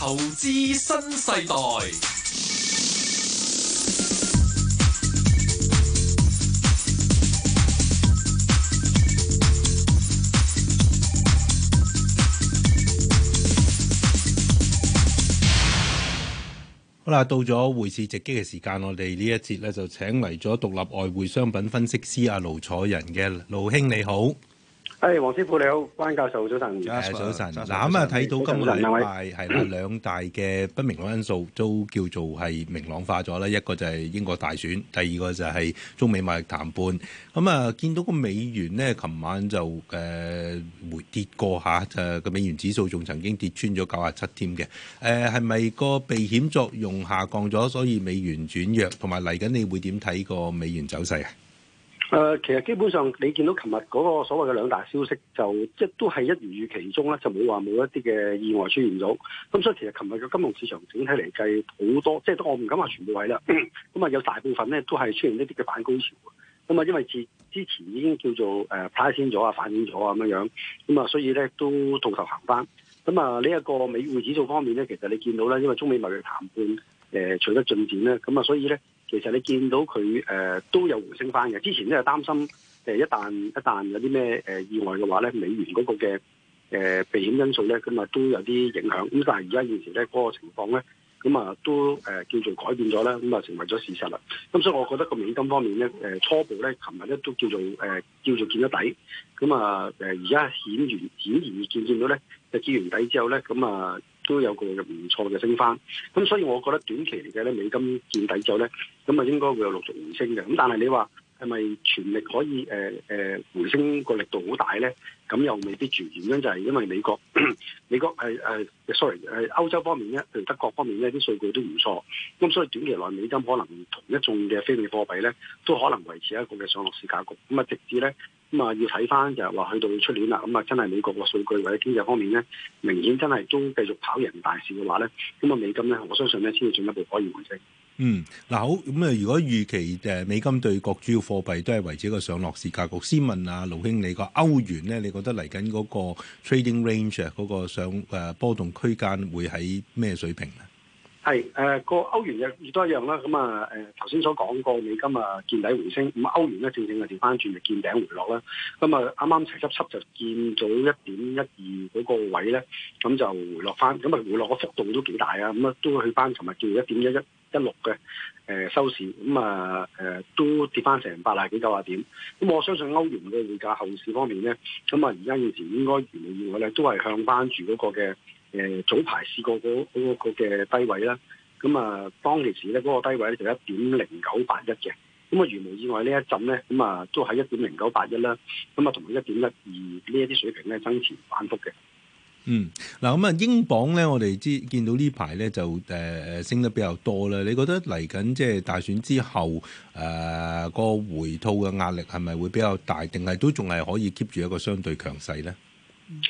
投資新世代，好啦，到咗匯市直擊嘅時間，我哋呢一節呢就請嚟咗獨立外匯商品分析師阿盧楚仁嘅盧兄，你好。係、hey，黃師傅你好，關教授早晨。早晨，嗱咁啊，睇到今個禮拜係啦，兩大嘅不明朗因素都叫做係明朗化咗啦。 一個就係英國大選，第二個就係中美貿易談判。咁啊，見到個美元咧，琴晚就誒回跌過吓，就個美元指數仲曾經跌穿咗九十七添嘅。誒，係咪個避險作用下降咗，所以美元轉弱？同埋嚟緊你會點睇個美元走勢啊？誒、呃，其實基本上你見到琴日嗰個所謂嘅兩大消息就，就即都係一如預期中咧，就冇話冇一啲嘅意外出現咗。咁所以其實琴日嘅金融市場整體嚟計，好多即係我唔敢話全部位啦。咁啊，有大部分咧都係出現一啲嘅反高潮咁啊，因為之前已經叫做誒 price in 咗啊，反映咗啊咁樣咁啊，所以咧都倒頭行翻。咁啊，呢一個美匯指數方面咧，其實你見到咧，因為中美貿易談判誒取得進展咧，咁啊，所以咧。其實你見到佢誒、呃、都有回升翻嘅，之前咧係擔心誒、呃、一旦一旦有啲咩誒意外嘅話咧，美元嗰個嘅誒、呃、避險因素咧，咁、嗯、啊都有啲影響。咁但係而家現時咧嗰、那個情況咧，咁、嗯、啊都誒、呃、叫做改變咗啦，咁、嗯、啊成為咗事實啦。咁、嗯、所以我覺得個美金方面咧，誒、呃、初步咧，琴日咧都叫做誒、呃、叫做見到底。咁啊誒而家顯然顯然見見到咧就見完底之後咧，咁、嗯、啊。呃都有個唔錯嘅升翻，咁所以我覺得短期嚟嘅嚟講咧，美金見底之後咧，咁啊應該會有陸續回升嘅。咁但係你話係咪全力可以誒誒回升個力度好大咧？咁又未必住，主要原因就係因為美國美國誒誒，sorry，誒歐洲方面咧，譬如德國方面咧啲數據都唔錯，咁所以短期內美金可能同一種嘅非美元貨幣咧，都可能維持一個嘅上落市格局，咁啊直至咧。咁啊，要睇返就係話去到出年啦，咁啊，真係美國個數據或者經濟方面咧，明顯真係仲繼續跑贏大市嘅話咧，咁啊，美金咧，我相信咧，先會進一步可以回升。嗯，嗱好，咁啊，如果預期誒美金對各主要貨幣都係維持一個上落市格局，先問阿盧兄，你個歐元咧，你覺得嚟緊嗰個 trading range 嗰個上誒波動區間會喺咩水平咧？係，誒、呃、個歐元亦亦都一樣啦，咁啊誒頭先所講過，美金啊見底回升，咁歐元咧正正啊調翻轉，咪見頂回落啦。咁啊啱啱齊濕濕就見咗一點一二嗰個位咧，咁就回落翻，咁、嗯、啊回落個幅度都幾大啊，咁、嗯、啊都去翻琴日叫一點一一一六嘅收市，咁、嗯、啊、嗯、都跌翻成八嚟幾九啊點。咁、嗯、我相信歐元嘅匯價後市方面咧，咁啊而家現時應該原來以外咧都係向翻住嗰個嘅。誒，早排試過嗰個嘅低位啦，咁啊當其時咧嗰個低位咧就一點零九八一嘅，咁啊如無意外呢一陣咧，咁啊都係一點零九八一啦，咁啊同埋一點一二呢一啲水平咧增持反覆嘅。嗯，嗱咁啊，英鎊咧，我哋之見到呢排咧就誒升得比較多啦。你覺得嚟緊即係大選之後，誒、呃嗰個回吐嘅壓力係咪會比較大，定係都仲係可以 keep 住一個相對強勢咧？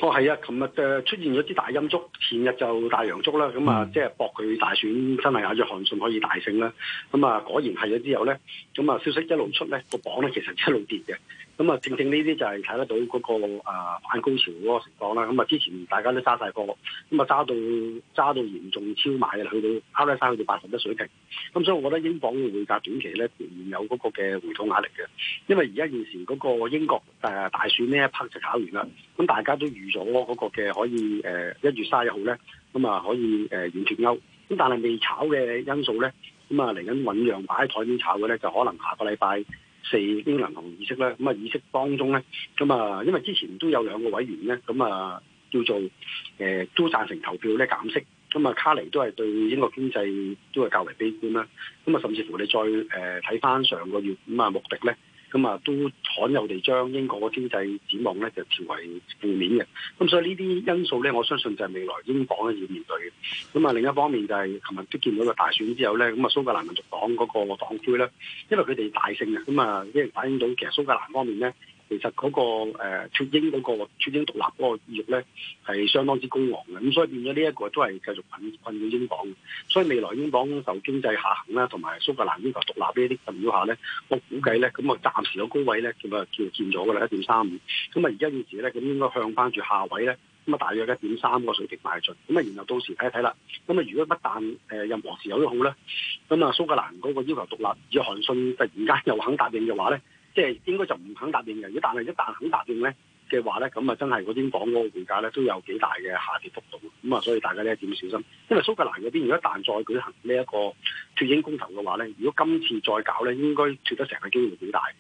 哦，係啊，琴日誒出現咗啲大陰燭，前日就大陽燭啦，咁啊即係搏佢大選真係有約翰遜可以大勝啦，咁啊果然係咗之後咧，咁啊消息一路出咧，那個鎊咧其實一路跌嘅。咁啊，正正呢啲就係睇得到嗰個啊反高潮嗰個情況啦。咁啊，之前大家都揸曬波，咁啊揸到揸到嚴重超買嘅，去到歐元三去到八十嘅水平。咁所以，我覺得英鎊嘅匯價短期咧仍然有嗰個嘅回吐壓力嘅。因為而家現時嗰個英國誒大選呢，一 part 就炒完啦。咁大家都預咗嗰個嘅可以誒一月三十一號咧，咁啊可以誒完全歐。咁但係未炒嘅因素咧，咁啊嚟緊醖釀擺喺台面炒嘅咧，就可能下個禮拜。四英銀行意識啦，咁啊意識當中咧，咁啊因為之前都有兩個委員咧，咁啊叫做誒都贊成投票咧減息，咁啊卡尼都係對英國經濟都係較為悲觀啦，咁啊甚至乎你再誒睇返上個月咁啊目的咧。咁啊，都罕有地將英國嘅經濟展望咧就調為負面嘅。咁所以呢啲因素咧，我相信就係未來英國咧要面對嘅。咁啊，另一方面就係琴日都見到個大選之後咧，咁啊蘇格蘭民族黨嗰個黨魁呢，因為佢哋大勝呀，咁啊即係反映到其實蘇格蘭方面咧。其實嗰、那個誒脱、啊、英嗰、那、脱、個、英獨立嗰個意欲咧，係相當之高昂嘅，咁所以變咗呢一個都係繼續困困住英鎊。所以未來英鎊受經濟下行啦，同埋蘇格蘭要求獨立這呢啲因素下咧，我估計咧咁啊暫時有高位咧，咁啊叫見咗㗎啦，一點三五。咁啊而家現時咧，咁應該向翻住下位咧，咁啊大約一點三個水平邁進。咁啊然後到時睇一睇啦。咁啊如果不但誒、呃、任何時候都好咧，咁啊蘇格蘭嗰個要求獨立，而約翰遜突然間又肯答應嘅話咧。即係應該就唔肯答應嘅，如果但係一旦肯答應咧嘅話咧，咁啊真係嗰邊港嗰個匯價咧都有幾大嘅下跌幅度咁啊，所以大家咧一定要小心，因為蘇格蘭嗰邊如果一旦再舉行呢一個脱英公投嘅話咧，如果今次再搞咧，應該脱得成嘅機會幾大的。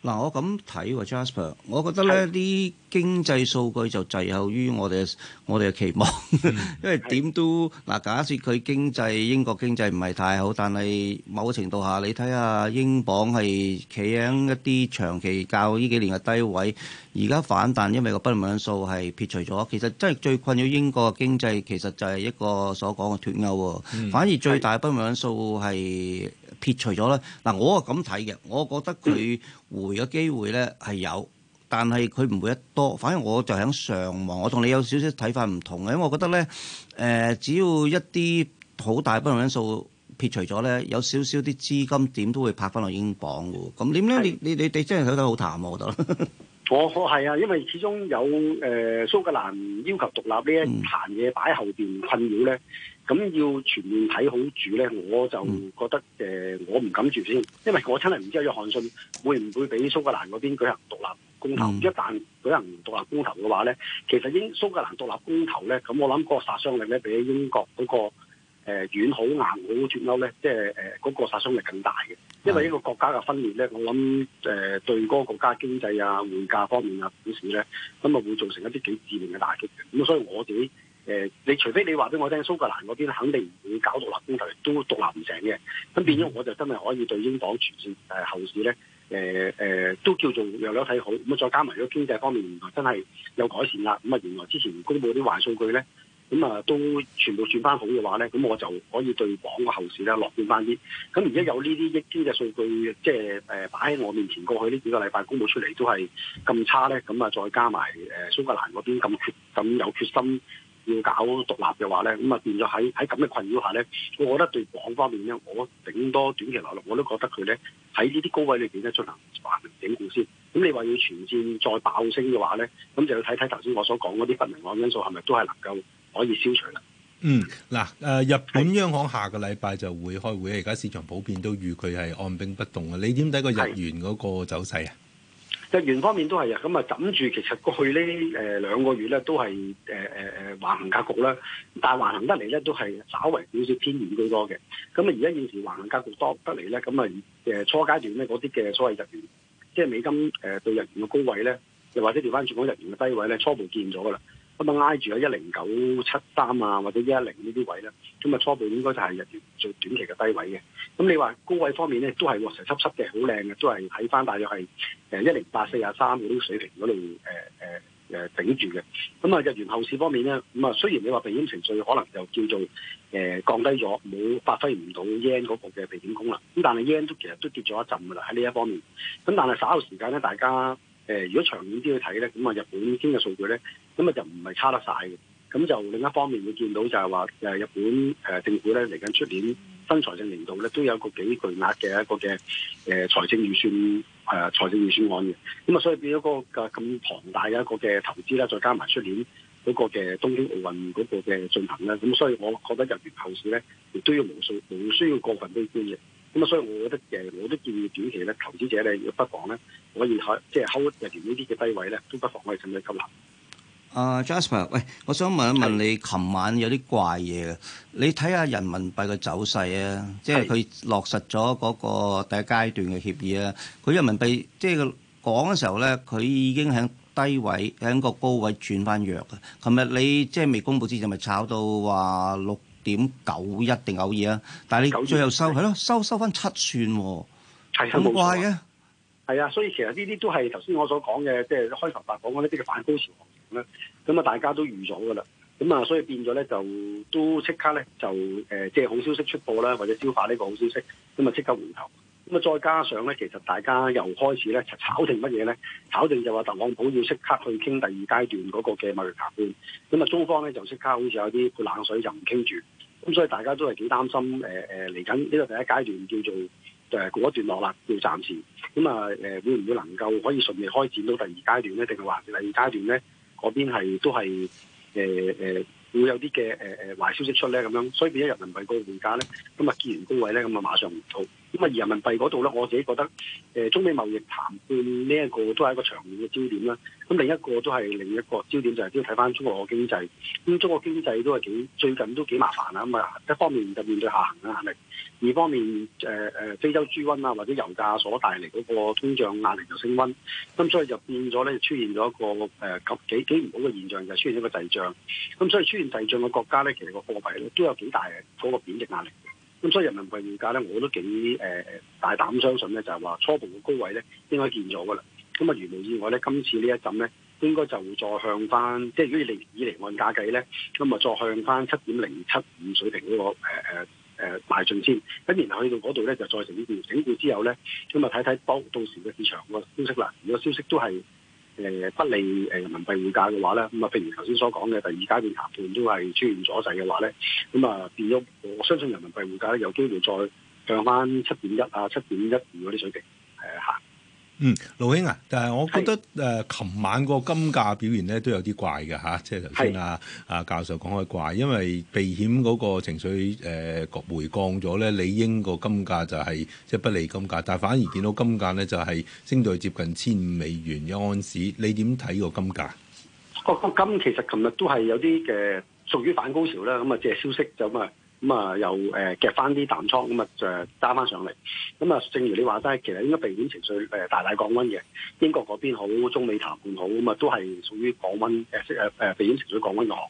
嗱，我咁睇喎，Jasper，我覺得咧，啲經濟數據就滯後於我哋嘅我哋嘅期望，嗯、 因為點都嗱，假設佢經濟英國經濟唔係太好，但係某程度下，你睇下英鎊係企喺一啲長期較呢幾年嘅低位，而家反彈，因為個不明朗因素係撇除咗。其實真係最困擾英國嘅經濟，其實就係一個所講嘅脱歐喎。反而最大嘅不明朗因素係。撇除咗咧，嗱，我係咁睇嘅，我覺得佢回嘅機會咧係有，但係佢唔會得多，反而我就喺上望。我同你有少少睇法唔同嘅，因為我覺得咧，誒、呃、只要一啲好大不同因素撇除咗咧，有少少啲資金點都會拍翻落英鎊㗎喎。咁點咧？你你你你真係睇得好淡，我覺得我。我我係啊，因為始終有誒、呃、蘇格蘭要求獨立呢一壇嘢擺喺後邊困擾咧。嗯咁要全面睇好住咧，我就覺得誒、嗯呃，我唔敢住先，因為我真係唔知阿約翰遜會唔會俾蘇格蘭嗰邊舉行獨立公投、嗯。一旦舉行獨立公投嘅話咧，其實英蘇格蘭獨立公投咧，咁我諗嗰個殺傷力咧，比英國嗰、那個誒、呃、軟好硬好脫歐咧，即係嗰個殺傷力更大嘅。因為一個國家嘅分裂咧，我諗誒、呃、對嗰個國家經濟啊、匯價方面啊、股市咧，咁啊會造成一啲幾致命嘅打擊嘅。咁所以我哋。誒、呃，你除非你話俾我聽，蘇格蘭嗰邊肯定唔會搞獨立公投，都獨立唔成嘅，咁變咗我就真係可以對英鎊全線誒後市咧，誒、呃呃、都叫做有咗睇好。咁啊，再加埋咗經濟方面原來真係有改善啦。咁啊，原來之前公佈啲壞數據咧，咁啊都全部轉翻好嘅話咧，咁我就可以對港個後市咧樂觀翻啲。咁而家有呢啲經濟數據，即係誒擺喺我面前，過去呢幾個禮拜公佈出嚟都係咁差咧，咁啊再加埋誒蘇格蘭嗰邊咁決咁有決心。要搞獨立嘅話咧，咁啊變咗喺喺咁嘅困擾下咧，我覺得對港方面咧，我頂多短期來講，我都覺得佢咧喺呢啲高位裏邊咧進行橫盤整固先。咁你話要全線再爆升嘅話咧，咁就要睇睇頭先我所講嗰啲不明朗因素係咪都係能夠可以消除啦。嗯，嗱、啊，誒日本央行下個禮拜就會開會，而家市場普遍都預佢係按兵不動啊。你點睇個日元嗰個走勢啊？日元方面都係啊，咁啊枕住，其實過去呢誒兩個月咧都係誒誒誒橫行格局啦，但係橫行得嚟咧都係稍為少少偏軟居多嘅。咁啊而家現時橫行格局多得嚟咧，咁啊誒初階段咧嗰啲嘅所謂日元，即係美金誒對日元嘅高位咧，又或者調翻轉講日元嘅低位咧，初步見咗㗎啦。咁啊挨住啊一零九七三啊或者一零呢啲位咧，咁啊初步應該就係日元最短期嘅低位嘅。咁你話高位方面咧，都係喎成濕濕嘅，好靚嘅，都係睇翻大約係誒一零八四啊三嗰啲水平嗰度誒誒誒頂住嘅。咁啊日元後市方面咧，咁啊雖然你話避險程序可能就叫做誒降低咗，冇發揮唔到 yen 嗰部嘅避險功能，咁但係 yen 都其實都跌咗一陣噶啦喺呢一方面。咁但係稍後時間咧，大家誒如果長遠啲去睇咧，咁啊日本經濟數據咧。咁啊，就唔係差得晒嘅。咁就另一方面，會見到就係話誒日本誒、呃、政府咧嚟緊出年新財政年度咧，都有個幾巨額嘅一個嘅誒、呃、財政預算誒、呃、財政預算案嘅。咁啊，所以變咗個咁、啊、龐大嘅一個嘅投資咧，再加埋出年嗰個嘅東京奧運嗰個嘅進行啦。咁所以我覺得日圓後市咧，亦都要無需無需要過分悲觀嘅。咁啊，所以我覺得誒，我都建議短期咧，投資者咧，如果不妨咧，可以喺即係收日圓呢啲嘅低位咧，都不妨可以進行吸納。啊、uh,，Jasper，喂，我想問一問你，琴晚有啲怪嘢嘅。你睇下人民幣嘅走勢啊，即係佢落實咗嗰個第一階段嘅協議啊。佢人民幣即係講嘅時候咧，佢已經喺低位，喺個高位轉翻弱啊。琴日你即係未公佈之前，咪炒到話六點九一，定偶二啊？但係你最後收係咯，收收翻七算喎，咁怪嘅？係啊是，所以其實呢啲都係頭先我所講嘅，即、就、係、是、開頭講嗰啲嘅反高潮。咁啊，大家都預咗㗎喇，咁啊，所以變咗咧就都即刻咧就即係好消息出播啦，或者消化呢個好消息，咁啊，即刻回頭，咁啊，再加上咧，其實大家又開始咧炒定乜嘢咧？炒定就話特朗普要即刻去傾第二階段嗰個嘅貿易談判，咁啊，中方咧就即刻好似有啲潑冷水就，就唔傾住，咁所以大家都係幾擔心嚟緊呢個第一階段叫做誒告一段落啦，要暫時，咁啊會唔會能夠可以順利開展到第二階段咧？定係話第二階段咧？嗰邊係都係誒誒會有啲嘅誒誒壞消息出咧，咁樣，所以變咗人民幣個匯價咧，咁啊見完高位咧，咁啊馬上唔到。咁啊，而人民幣嗰度咧，我自己覺得，誒中美貿易談判呢一個都係一個長遠嘅焦點啦。咁另一個都係另一個焦點就係都要睇翻中國經濟。咁中國經濟都係幾最近都幾麻煩啦。咁啊，一方面就面對下行嘅壓力，二方面誒、呃、非洲豬瘟啊或者油價所帶嚟嗰個通脹壓力就升溫。咁所以就變咗咧出現咗一個誒、呃、幾幾唔好嘅現象，就是、出現一個滯脹。咁所以出現滯脹嘅國家咧，其實個貨幣咧都有幾大嘅嗰個貶值壓力。咁所以人民幣現價咧，我都幾誒、呃、大膽相信咧，就係、是、話初步嘅高位咧應該見咗噶啦。咁啊，如無意外咧，今次一陣呢一陣咧，應該就，就再向翻，即係如果你以嚟按價計咧，咁啊再向翻七點零七五水平嗰、那個誒誒誒邁進先。咁然後去到嗰度咧，就再成呢段整固之後咧，咁啊睇睇到到時嘅市場消、這個消息啦。如果消息都係。誒不利誒人民幣匯價嘅話咧，咁啊，譬如頭先所講嘅第二階段談判都係出現阻滯嘅話咧，咁啊變咗我相信人民幣匯價咧有機會再漲翻七點一啊七點一二嗰啲水平誒行。嗯，盧兄啊，但係我覺得誒，琴、呃、晚個金價表現咧都有啲怪嘅嚇、啊，即係頭先啊啊教授講開怪，因為避險嗰個情緒誒、呃、回降咗咧，理應個金價就係即係不利金價，但係反而見到金價咧就係、是、升到接近千五美元一安士，你點睇個金價？個個金其實琴日都係有啲嘅屬於反高潮啦，咁啊，即係消息就咁啊。咁、嗯、啊，又誒夾翻啲淡倉，咁啊就揸翻上嚟。咁、嗯、啊、嗯，正如你話齋，其實應該避險情緒誒、呃、大大降溫嘅。英國嗰邊好，中美談判好，咁、嗯、啊都係屬於降溫誒，誒、呃、誒、呃、避險情緒降溫嘅行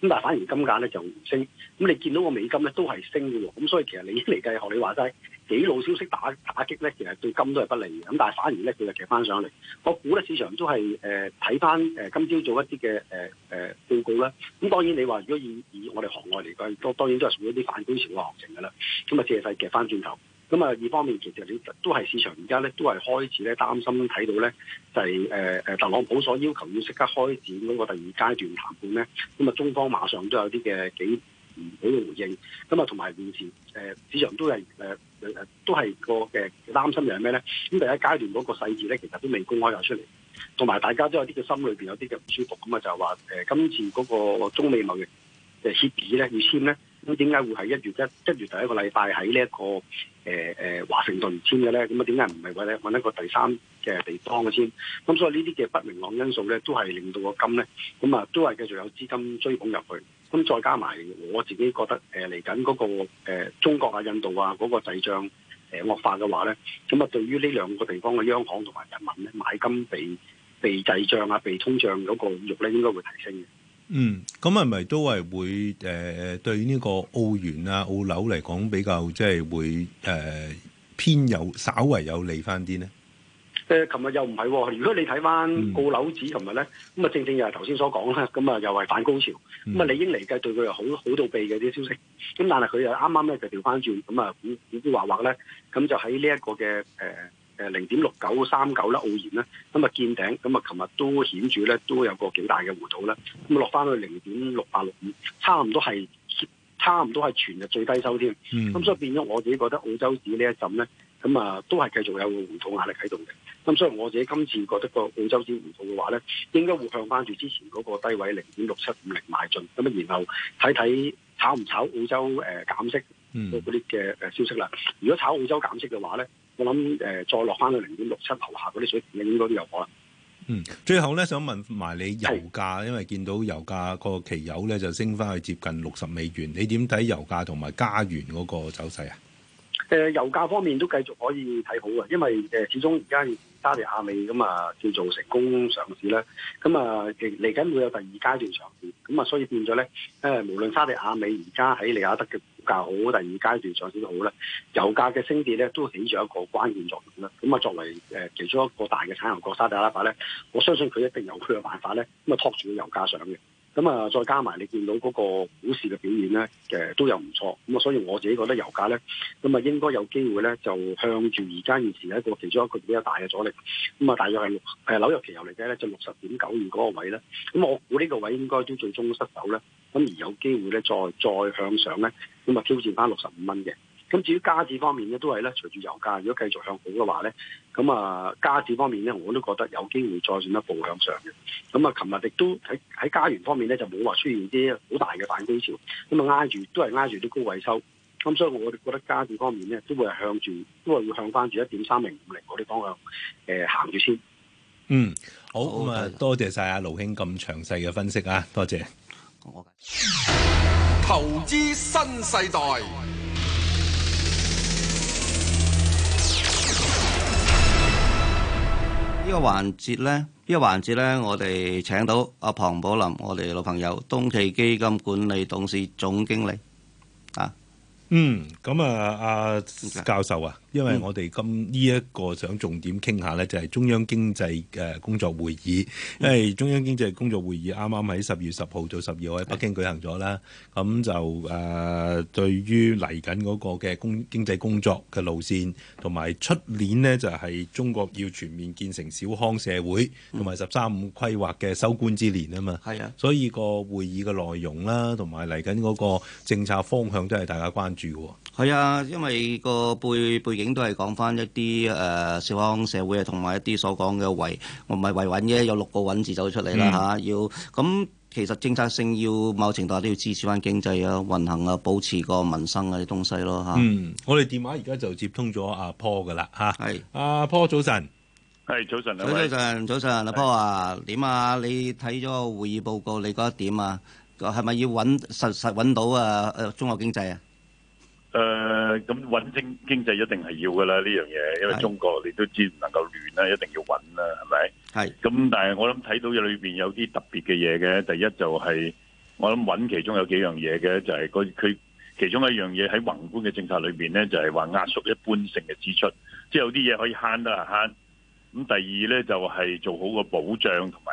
咁但係反而金價咧就升，咁你見到個美金咧都係升嘅喎，咁所以其實你嚟計學你話齋，幾路消息打打擊咧，其實對金都係不利，咁但係反而咧佢就夾翻上嚟，我估咧市場都係睇翻誒今朝做一啲嘅誒誒報告啦，咁當然你話如果以以我哋行外嚟講，都當然都係屬於一啲反觀時嘅行情嘅啦，咁啊借勢夾翻轉頭。咁啊，二方面其實你都係市場而家咧，都係開始咧擔心睇到咧，就係、是、誒、呃、特朗普所要求要即刻開展嗰個第二階段談判咧。咁啊，中方馬上都有啲嘅幾唔好嘅回應。咁啊，同埋目前誒、呃、市場都係、呃、都係個嘅擔心又係咩咧？咁第一階段嗰個細節咧，其實都未公開出嚟。同埋大家都有啲嘅心裏面有啲嘅唔舒服咁啊，就係話、呃、今次嗰個中美貿易嘅協議咧要簽咧。咁點解會係一月一一月第一個禮拜喺呢一個誒誒、呃、華盛頓簽嘅咧？咁啊，點解唔係揾揾一個第三嘅地方嘅先？咁所以呢啲嘅不明朗因素咧，都係令到個金咧，咁啊都係繼續有資金追捧入去。咁再加埋我自己覺得誒嚟緊嗰個誒、呃、中國啊、印度啊嗰、嗰個滯脹誒、呃、惡化嘅話咧，咁啊對於呢兩個地方嘅央行同埋人民咧買金被被滯脹啊、被通脹嗰個肉咧，應該會提升嘅。嗯，咁係咪都係會誒、呃、對呢個澳元啊、澳紐嚟講比較即係會誒、呃、偏有稍為有利翻啲咧？誒、呃，琴日又唔係、哦，如果你睇翻澳紐指琴日咧，咁啊正正又係頭先所講啦，咁啊又係反高潮，咁啊理應嚟計對佢又好好到痹嘅啲消息，咁但係佢又啱啱咧就調翻轉，咁啊股股啲畫畫咧，咁就喺呢一個嘅誒。嗯嗯嗯誒零點六九三九啦，澳元咧咁啊見頂，咁啊，琴日都顯著咧都有個幾大嘅回吐咧，咁啊落翻去零點六八六五，差唔多係差唔多係全日最低收添，咁、嗯、所以變咗我自己覺得澳洲紙呢一陣咧，咁啊都係繼續有個回吐壓力喺度嘅，咁所以我自己今次覺得個澳洲紙回吐嘅話咧，應該會向翻住之前嗰個低位零點六七五零買進，咁啊然後睇睇炒唔炒澳洲誒減息嗰啲嘅誒消息啦、嗯，如果炒澳洲減息嘅話咧。我諗誒，再落翻去零點六七頭下嗰啲水平，你應該都有可能。嗯，最後咧想問埋你油價，因為見到油價個期油咧就升翻去接近六十美元，你點睇油價同埋加元嗰個走勢啊？誒油價方面都繼續可以睇好嘅，因為始終而家沙地亞美咁啊叫做成功上市啦。咁啊嚟緊會有第二階段上市，咁、嗯、啊所以變咗咧誒無論沙地亞美而家喺利雅德嘅股價好，第二階段上市都好咧，油價嘅升跌咧都起著一個關鍵作用啦。咁、嗯、啊、嗯、作為其中一個大嘅產油國沙地阿拉伯咧，我相信佢一定有佢嘅辦法咧，咁啊托住個油價上嘅。咁啊，再加埋你見到嗰個股市嘅表現咧，誒都有唔錯。咁啊，所以我自己覺得油價咧，咁啊應該有機會咧，就向住而家現時一個其中一個比較大嘅阻力。咁啊，大約係六誒紐約期油嚟計咧，就六十點九二嗰個位咧。咁我估呢個位應該都最終失手咧。咁而有機會咧，再再向上咧，咁啊挑戰翻六十五蚊嘅。咁至於加紙方面咧，都係咧，隨住油價如果繼續向好嘅話咧，咁啊加紙方面咧，我都覺得有機會再進一步向上嘅。咁啊，琴日亦都喺喺加元方面咧，就冇話出現啲好大嘅反攻潮，咁啊挨住都係挨住啲高位收。咁所以我哋覺得加紙方面咧，都會係向住都係要向翻住一點三零五零嗰啲方向誒行住先。嗯，好咁啊、嗯，多謝晒阿盧兄咁詳細嘅分析啊，多謝。投資新世代。呢、這個環節咧，呢、這個環節咧，我哋請到阿、啊、龐寶林，我哋老朋友，東驥基金管理董事總經理。嗯，咁啊，阿、啊、教授啊，因為我哋今呢一、這個想重點傾下咧，就係、是、中央經濟嘅、呃、工作會議、嗯，因為中央經濟工作會議啱啱喺十月十號到十二號喺北京舉行咗啦，咁就誒、呃、對於嚟緊嗰個嘅工經濟工作嘅路線同埋出年咧就係、是、中國要全面建成小康社會同埋十三五規劃嘅收官之年啊嘛，係啊，所以個會議嘅內容啦，同埋嚟緊嗰個政策方向都係大家關注。係啊，因為個背背景都係講翻一啲誒，小康社會啊，同埋一啲所講嘅維，唔係維穩啫，有六個穩字走出嚟啦吓，要咁其實政策性要某程度都要支持翻經濟啊，運行啊，保持個民生啊啲東西咯吓、啊。嗯，我哋電話而家就接通咗阿 Paul 噶啦吓。係阿 Paul 早晨，係早晨，早晨早晨，早晨阿 Paul 啊，點啊，啊？你睇咗個會議報告，你覺得點啊？係咪要穩實實穩到啊？誒，中國經濟啊？誒、嗯，咁穩經經濟一定係要噶啦呢樣嘢，因為中國你都知唔能夠亂啦，一定要穩啦，係咪？係。咁但係我諗睇到嘅裏邊有啲特別嘅嘢嘅，第一就係我諗穩其中有幾樣嘢嘅，就係、是、佢其中一樣嘢喺宏觀嘅政策裏邊咧，就係話壓縮一般性嘅支出，即、就、係、是、有啲嘢可以慳得係慳。咁第二咧就係做好個保障同埋，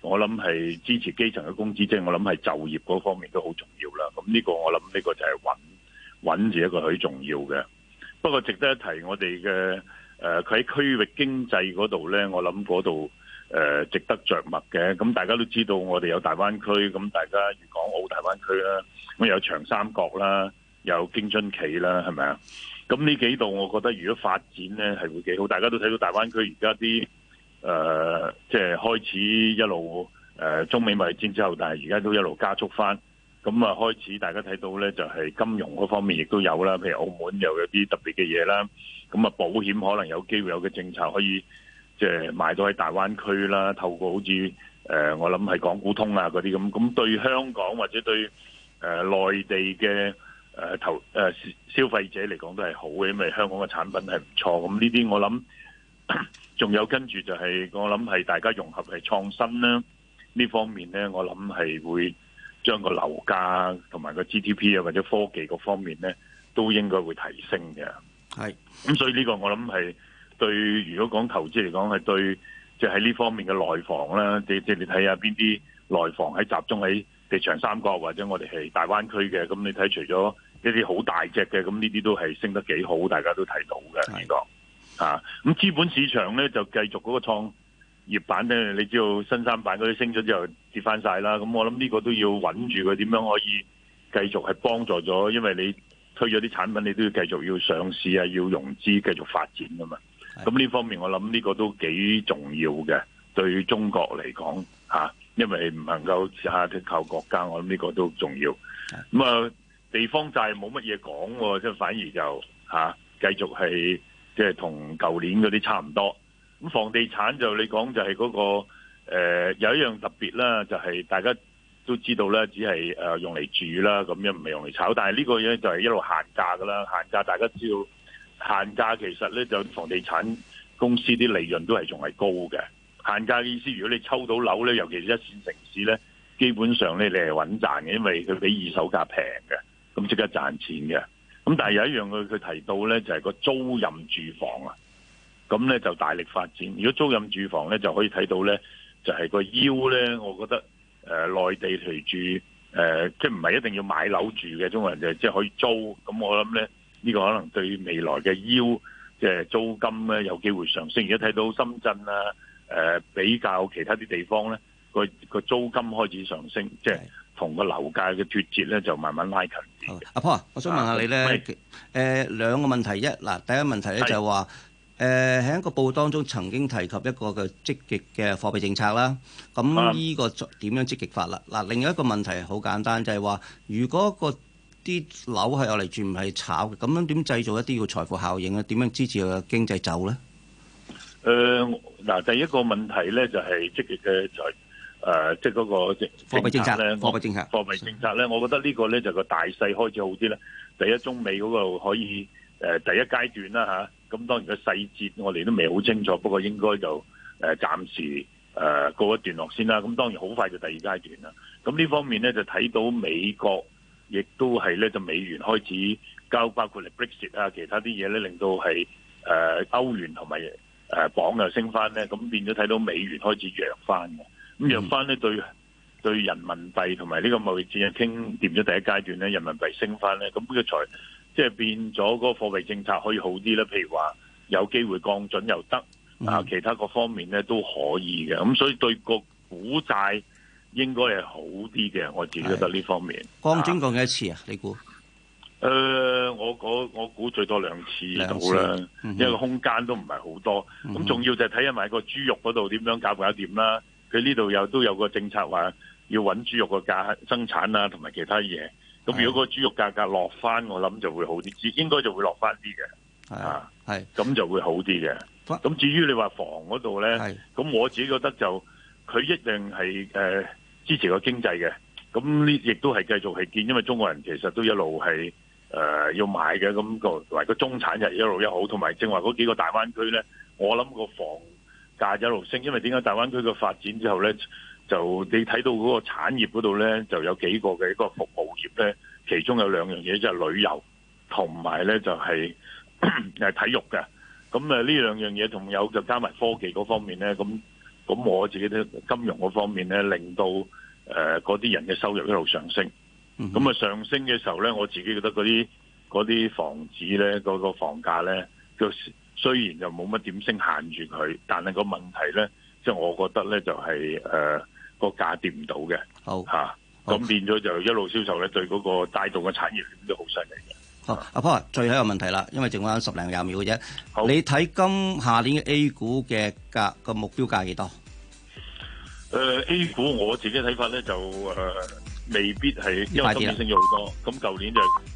我諗係支持基層嘅工資，即、就、係、是、我諗係就業嗰方面都好重要啦。咁呢個我諗呢個就係穩。穩住一個係重要嘅，不過值得一提我的，我哋嘅誒佢喺區域經濟嗰度呢，我諗嗰度誒值得着墨嘅。咁大家都知道，我哋有大灣區，咁大家粵港澳大灣區啦，咁有長三角啦，有京津冀啦，係咪啊？咁呢幾度，我覺得如果發展呢係會幾好，大家都睇到大灣區而家啲誒即係開始一路誒、呃、中美貿易戰之後，但係而家都一路加速翻。咁啊，開始大家睇到咧，就係金融嗰方面亦都有啦，譬如澳門又有啲特別嘅嘢啦。咁啊，保險可能有機會有嘅政策可以，即係買到喺大灣區啦，透過好似誒，我諗係港股通啊嗰啲咁。咁對香港或者對誒內地嘅誒投誒消費者嚟講都係好嘅，因為香港嘅產品係唔錯。咁呢啲我諗仲有跟住就係我諗係大家融合係創新啦。呢方面咧，我諗係會。將個樓價同埋個 GDP 啊，或者科技各方面咧，都應該會提升嘅。係，咁所以呢個我諗係對，如果講投資嚟講係對，即係喺呢方面嘅內房啦，即、就、即、是就是、你睇下邊啲內房喺集中喺地長三角或者我哋係大灣區嘅，咁你睇除咗一啲好大隻嘅，咁呢啲都係升得幾好，大家都睇到嘅、這個。係咯，咁、啊、資本市場咧就繼續嗰個創業板咧，你知道新三板嗰啲升咗之後跌翻晒啦。咁我諗呢個都要穩住佢，點樣可以繼續係幫助咗，因為你推咗啲產品，你都要繼續要上市啊，要融資繼續發展啊嘛。咁呢方面我諗呢個都幾重要嘅，對中國嚟講嚇，因為唔能夠只靠國家，我諗呢個都重要。咁啊，地方債冇乜嘢講喎，即係反而就嚇、啊、繼續係即係同舊年嗰啲差唔多。咁房地產就是、你講就係嗰、那個、呃、有一樣特別啦，就係、是、大家都知道咧，只係用嚟住啦，咁樣唔係用嚟炒。但係呢個嘢就係一路限價噶啦，限價大家知道，限價其實咧就房地產公司啲利潤都係仲係高嘅。限價嘅意思，如果你抽到樓咧，尤其是一線城市咧，基本上咧你係穩賺嘅，因為佢比二手價平嘅，咁即刻賺錢嘅。咁但係有一樣佢佢提到咧，就係、是、個租賃住房啊。咁咧就大力發展。如果租賃住房咧，就可以睇到咧，就係、是、個腰咧，我覺得誒、呃、內地隨住誒，即唔係一定要買樓住嘅中國人就即係可以租。咁我諗咧，呢、這個可能對未來嘅腰即租金咧有機會上升。而家睇到深圳啊、呃、比較其他啲地方咧，個租金開始上升，即係同個樓價嘅脱節咧就慢慢拉近。阿龐、啊、我想問下你咧誒、呃、兩個問題，一嗱第一個問題咧就係、是、話。誒喺一個報告當中曾經提及一個嘅積極嘅貨幣政策啦，咁呢個點樣積極法啦？嗱、嗯，另一個問題好簡單，就係、是、話如果個啲樓係我嚟住唔係炒嘅，咁樣點製造一啲嘅財富效應咧？點樣支持個經濟走咧？嗱、呃，第一個問題咧就係積極嘅財誒，即係嗰個貨幣政策咧，貨幣政策，貨幣政策咧，我覺得呢個咧就個大勢開始好啲啦。第一，中美嗰個可以。誒第一階段啦嚇，咁當然個細節我哋都未好清楚，不過應該就誒暫時誒告一段落先啦。咁當然好快就第二階段啦。咁呢方面咧就睇到美國亦都係咧就美元開始交，包括係 Brexit 啊，其他啲嘢咧令到係誒、呃、歐元同埋誒鎊又升翻咧，咁變咗睇到美元開始弱翻嘅。咁弱翻咧對對人民幣同埋呢個貿易戰啊，傾掂咗第一階段咧，人民幣升翻咧，咁呢個財。即係變咗個貨幣政策可以好啲咧，譬如話有機會降準又得，啊、mm-hmm. 其他各方面咧都可以嘅，咁所以對個股債應該係好啲嘅。我自己覺得呢方面降準降幾多次啊？你估？誒、呃，我我估最多兩次到啦，因為個空間都唔係好多。咁、mm-hmm. 重要就係睇埋個豬肉嗰度點樣搞搞掂啦。佢呢度有都有個政策話要穩豬肉個價生產啊，同埋其他嘢。如果個豬肉價格落翻，我諗就會好啲，應該就會落翻啲嘅。啊，係，咁就會好啲嘅。咁至於你話房嗰度呢，咁我自己覺得就佢一定係誒、呃、支持個經濟嘅。咁呢亦都係繼續係堅，因為中國人其實都一路係誒要買嘅。咁、個為、個中產日一路又好，同埋正話嗰幾個大灣區呢，我諗個房價一路升，因為點解大灣區嘅發展之後呢。就你睇到嗰個產業嗰度咧，就有幾個嘅一個服務業咧，其中有兩樣嘢即係旅遊同埋咧就係就係 體育嘅。咁啊呢兩樣嘢，仲有就加埋科技嗰方面咧。咁咁我自己都金融嗰方面咧，令到誒嗰啲人嘅收入一路上升。咁啊上升嘅時候咧，我自己覺得嗰啲嗰啲房子咧，嗰個房價咧，雖然就冇乜點升限住佢，但係個問題咧，即係我覺得咧就係誒。呃個價跌唔到嘅，好吓，咁變咗就一路銷售咧，對嗰個帶動嘅產業都好犀利嘅。好，阿 Paul 啊，最後一個問題啦，因為剩翻十零廿秒嘅啫。你睇今下年嘅 A 股嘅價個目標價幾多？誒，A 股我自己睇法咧就誒，未必係，因為今年升咗好多，咁舊年就我。